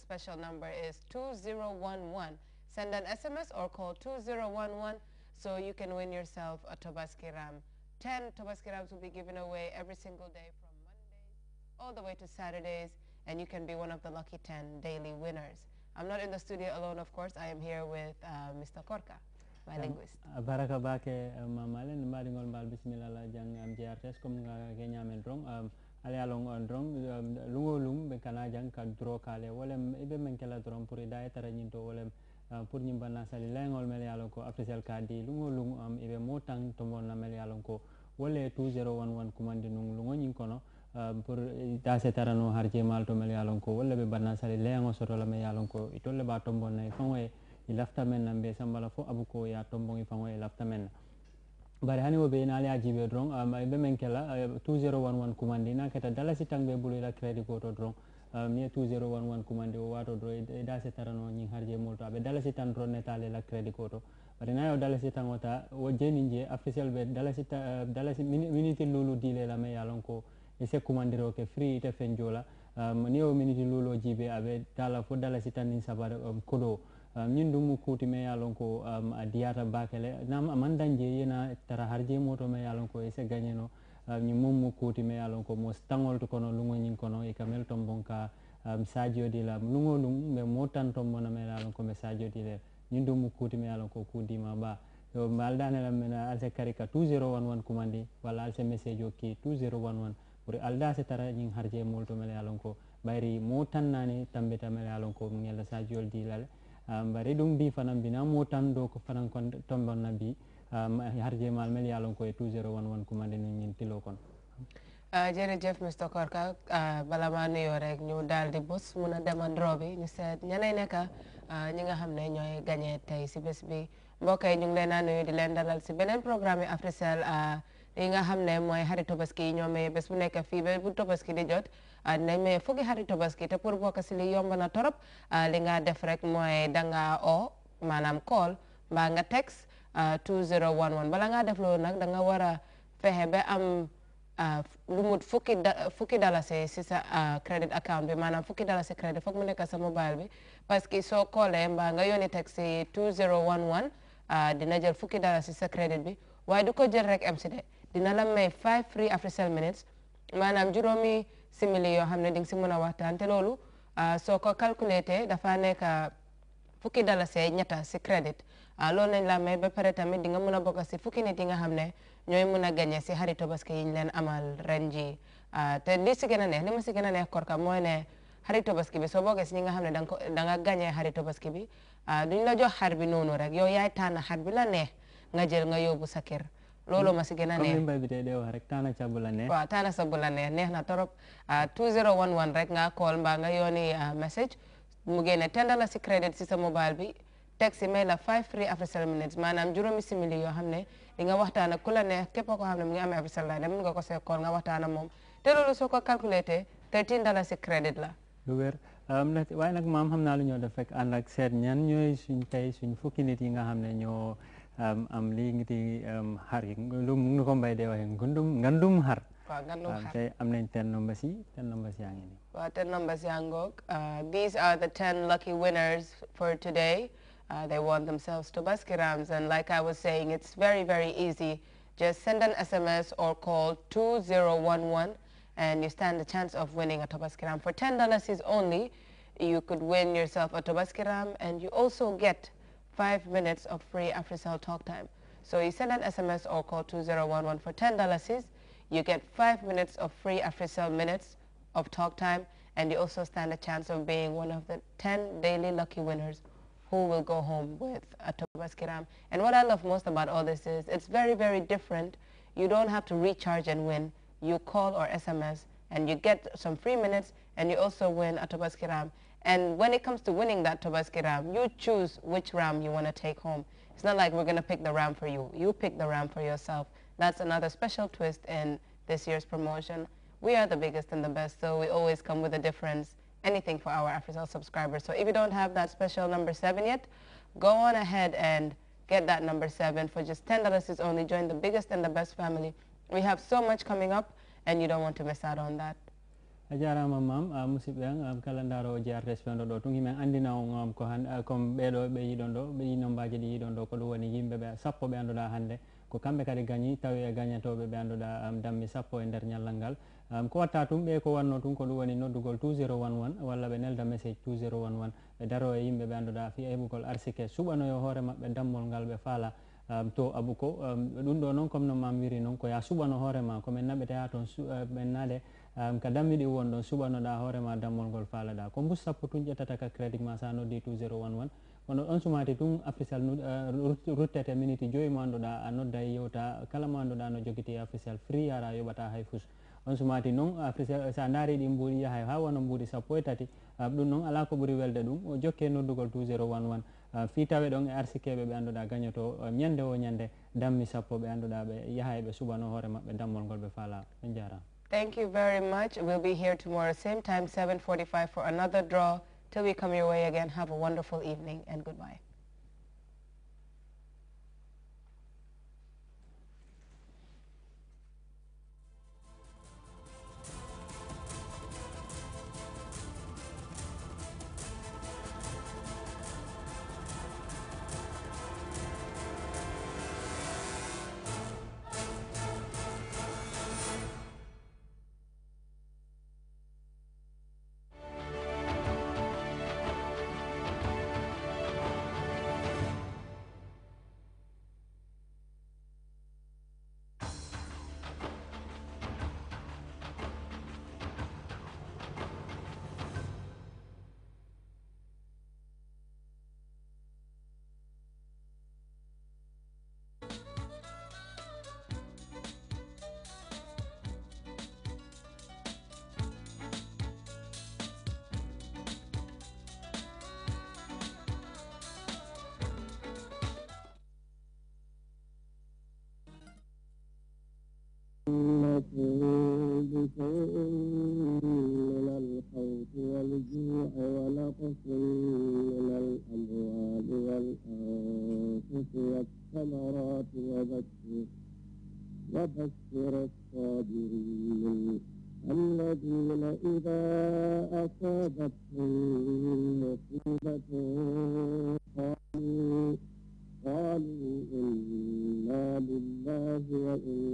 special number is 2011. Send an SMS or call 2011 so you can win yourself a Tobaski Ram. 10 Tobaski Rams will be given away every single day from Monday all the way to Saturdays, and you can be one of the lucky 10 daily winners. I'm not in the studio alone, of course. I am here with uh, Mr. Korka. my linguist uh, uh, mbal jang am comme ala ye a loŋ doroŋ luŋo luŋ be kana jaŋ ka duroo ka le wolem i be meŋ ke doroŋ pour i daa ye tara ñiŋ wolem pour ñiŋ banna sali layiŋol mele ye a loŋ ko africel ka di luŋo luŋ um, i be moo taŋ tomboŋ na mele ye a loŋ ko wo le 2011 kumandi nuŋ luŋo ñiŋ kono pour taa se tara noo harjemaal to mele ye a loŋ ko wo le be banna sali layiŋo soto la mele ye a loŋ ko itolu le be a tomboŋ na i faŋo ye i lafita meŋ na mbe sambala fo abuko ye a tomboŋ i faŋo ye i lafita meŋ na bari hani wo be naali a jibe dron um, be men kela uh, 2011 commande na keta dalasi tang be bulu ila credit goto dron um, ni 2011 commande o wato dro e, e da se tarano nyin harje molto abe dalasi tan dron netale la credit goto bari na yo dalasi tan wota wo jeni je officiel be dalasi ta, uh, dalasi minute lulu dile la me yalon ko e se commandero ke free ite fenjola um, ni yo minute lulu jibe abe dala fo dalasi tan nin sabar um, kodo ñin dum kuti me ya ko um, diyata bakele nam man danje yena tara harje moto me ya lon ko ese gagneno ñi um, mom mu kuti ko mo stangol to kono lungo ñin kono e kamel to bonka um, sadio di la lungo lung me mo tanto mona me ya lon ko me sadio di le ñin dum kuti me ya lon ko kudi ba yo maldane la mena alse karika 2011 kumandi wala alse message o ki 2011 pour alda se tara ñin harje molto me ya lon ko bayri mo tannani tambeta me ya lon ko ngel sadio di la bari ɗum mbi fanan bina mo tan dow ko fanan kon tombonna bi harje mal mel yalon koye 2011 kumande no ñin tilo kon ah, jërëjëf Mr Korka ah, bala a nuyoo rek ñu daal di bus mun a demandroo bi ñu seet ñeneen nekk ah, ñi nga xam ne ñooy gagné tey si bés bi mbokk yi ñu ngi leen a nuyu di leen si beneen programme yi yi nga xam ne mooy xari tobaski yi ñoo maye bés bu nekk fii ba bu tobaski di jot dinañ ah, maye fukki xari tobaski te pour bokk si li yomb na torop ah, li nga def rek mooy dangaa o maanaam call mbaa nga text 2011 ah, bala ngaa def loolu nag da nga war a ba am lu mut fukki fukki dalasi si sa credit account bi maanaam fukki dalasi credit foog mu nekk sa mobile bi parce que soo koolee mbaa nga yónni text si 2011 dina jël fukki dalasi sa credit bi waaye du ko jël rek am si de dina la may five free africell minutes manam nam simili yo xamne ding hamne nga waxtan mën a waxtaan te loolu ah, ko dafa nek ah, fukki dalasee ñata ci crédit ah, loolu nañ la may ba paré tamit di nga mën a bokk fukki nit yi nga xamne ñoy gagné si harito tabaski amal renji ji te li si gëna neex li ma ci gëna neex korka moy ne harito tabaski bi so bokkee ci nga xamne da nga gagné harito tabaski bi duñ la jox xar nonu rek yow yaay tan la neex nga jël nga yobu sa loolu ma si gën a taana ca bu la neex. waaw taana sa bu la neex neex na torop 2011 rek nga call mbaa nga yónni message mu génne ten dollar si crédit si sa mobile bi teg si may la five free Africell minutes maanaam juróomi simili yoo xam ne di nga waxtaan ak ku la neex képp ne mu nga ko see call nga waxtaan ak moom te loolu soo ko calculé te thirteen dollar si crédit la. waaye nag maam xam naa lu ñoo def rek ànd ak seet ñan ñooy suñ tey suñ fukki nit yi nga xam ne ñoo. Um, am liggidi um, har ɗum ɗum ko mbayde o hen kon ɗum gandum har so um, am nañ ten number si ten number si angini wa ten number si angok these are the 10 lucky winners for today uh, they won themselves to Baskirams and like I was saying it's very very easy just send an SMS or call 2011 and you stand a chance of winning a Tobaskiram. For $10 is only, you could win yourself a Tobaskiram and you also get five minutes of free AfriCell talk time. So you send an SMS or call 2011 for $10. You get five minutes of free AfriCell minutes of talk time and you also stand a chance of being one of the 10 daily lucky winners who will go home with a Tobas Kiram. And what I love most about all this is it's very, very different. You don't have to recharge and win. You call or SMS and you get some free minutes and you also win a Tobas Kiram. And when it comes to winning that Tobaski ram, you choose which ram you want to take home. It's not like we're going to pick the ram for you. You pick the ram for yourself. That's another special twist in this year's promotion. We are the biggest and the best, so we always come with a difference, anything for our AfriCell subscribers. So if you don't have that special number 7 yet, go on ahead and get that number 7 for just $10 It's only. Join the biggest and the best family. We have so much coming up, and you don't want to miss out on that. a jarama mam musidɓe an kala ndaro jrts fewɗo ɗo tun himen andinaom ko han comme ɓeɗo ɓe yiɗon ɗo ɓe yinombaji ɗi yiɗon ɗo ko ɗum woni yimɓeɓe sappo ɓe annduɗa hannde ko kamɓe kadi gagni tawi e gagnatoɓe ɓe annduɗa dammi sappo e nder ñallal ngal ko watta tun ɓe ko wanno tun ko ɗum woni noddugol 201 walla ɓe nelda message 201 ɓe daro e yimɓeɓe annduɗa fi heɓugol arsike suɓanoyo hoore mabɓe dammol ngal ɓe faala to abou ko ɗum ɗo noon comme no mam wiri noon ko ya suɓano hoorema komin naɓete ha toon men naade um, ka dammiɗi won ɗon suɓanoɗa hoorema dammol ngol faalaɗa ko bus sappo tun ƴettata ka crédit ma sa noddi 201 kono ɗon sumati tun officiel uh, eh, ruttete minuti joyi mo anduɗa a nodda yewta kala mo anduɗa no joguiti officiel fri yara yoɓata hay fus on sumati noon officiel sa daari ɗi mbuuɗi yaha ha wona mbuuɗi sappo e tati ah, ɗum noon ala ko ɓuuri welde ɗum jokke noddugol 201 Uh, fi tawe ɗon e arsikeɓe ɓe annduɗa gagnoto eh, ñande uh, o ñande dammi sappo ɓe annduɗa ɓe yaha ɓe suɓano hoore maɓɓe dammol ngol ɓe faala ɓe jarama Thank you very much. We'll be here tomorrow, same time, 7.45 for another draw. Till we come your way again, have a wonderful evening and goodbye. من الخوف والجوع ونقص من الأموال والثمرات الصابرين الذين إذا أصابتهم مصيبة قالوا قالوا إنا لله وإنا